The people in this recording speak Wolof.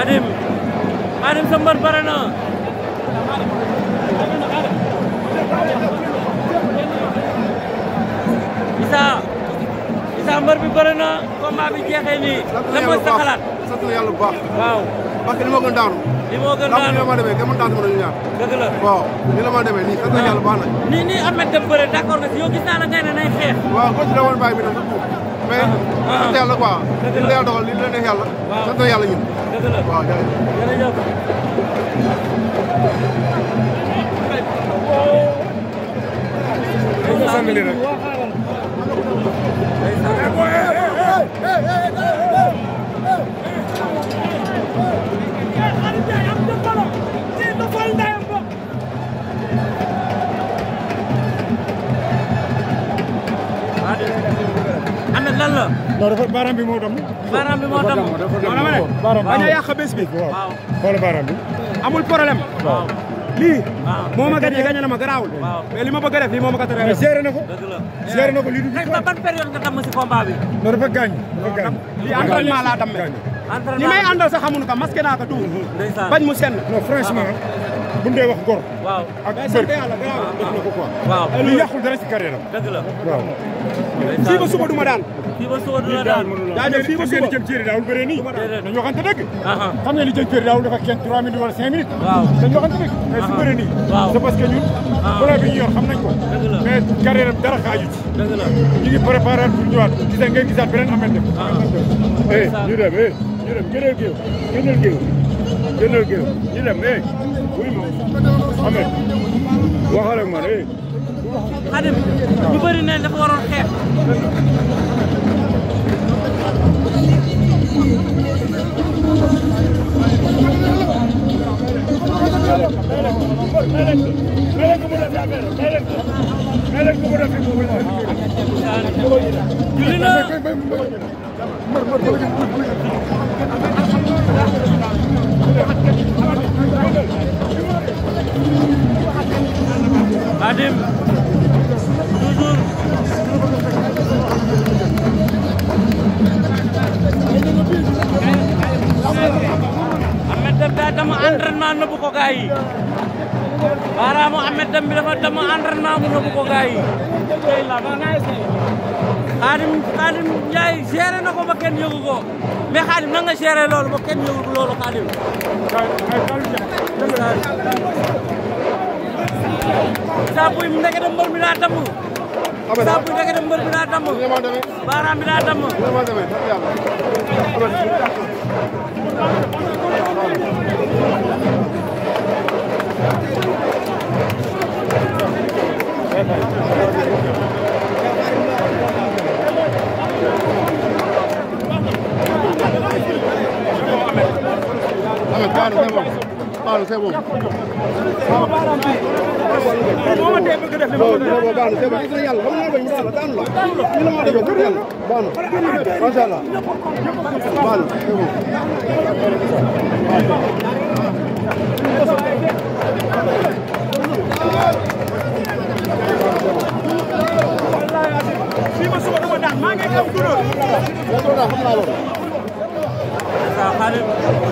Adim Adim sembar parana Isa Isa mbar bi bëri na combat bi jeexee nii lan mooy sa xalaat sant na yàlla bu baax waaw parce que li moo gën daanu li moo gën daanu li ma Satu yang mën daanu mën nañu ñaar dëgg la waaw ni la ma demee nii Wow. Kau yàlla bu baax mais sant yàlla quoi li la yàlla dogal li la neex yàlla sant na yàlla ñun waaw jërëjëf Hey, hey, hey, hey! non dafa baaraam bi moo dam baaraam bi moo dam baaraam bi bañ a yàq bés bi. waaw xool baaraam bi. amul problème. waaw lii. waaw moo ma gagné gagné na ma garaawul. mais li ma bëgg a def lii moo ma ko tere. mais géré na ko. géré na ko lii du. ban période nga damm si combat bi. non dafa gaañ. dafa gaañ lii entraînement laa dammee. ñi may àndal sax xamuñu ko masqué naa ko tuur bañ mu senn non franchement buñ dee wax gor waaw ak bër def na ko quoi lu yàqul dara si carrière am dëgg la waaw fii ba suba duma daan daan jaajëf fii ba suba jëm cëri daawul bëree nii dañu waxante dëgg xam nga li jëm cëri daawul dafa kenn 3 minutes wala 5 minutes dañu waxante dëgg mais su bëree nii c'est parce que ñun ah. bëree bi ñu yor xam nañ ko Ameth carrière dara xaaju ci. dëgg la ñu ngi préparé pour ñëwaat ngeen gisaat beneen Ameth def. ah ñu dem eh ñu dem gënal géew gënal géew gënal géew ñu dem eh wuyu ma Ameth waxal ak Adim toujours Ahmed Deme daa dem entraînement nëbbu ko gars yi baaraamu Ahmed Deme bi dafa dem entraînement mu yóbbu ko gars yi tey la Xaadim Xaadim Ndiaye géré na ko ba kenn yëgu ko mais Xaadim na nga loolu ba kenn yëgu loolu Xaadim saa buy dem mbër mi daa damm saa ah? buy dem mbër mi daa damm c'est bon. Baax na xam naa loolu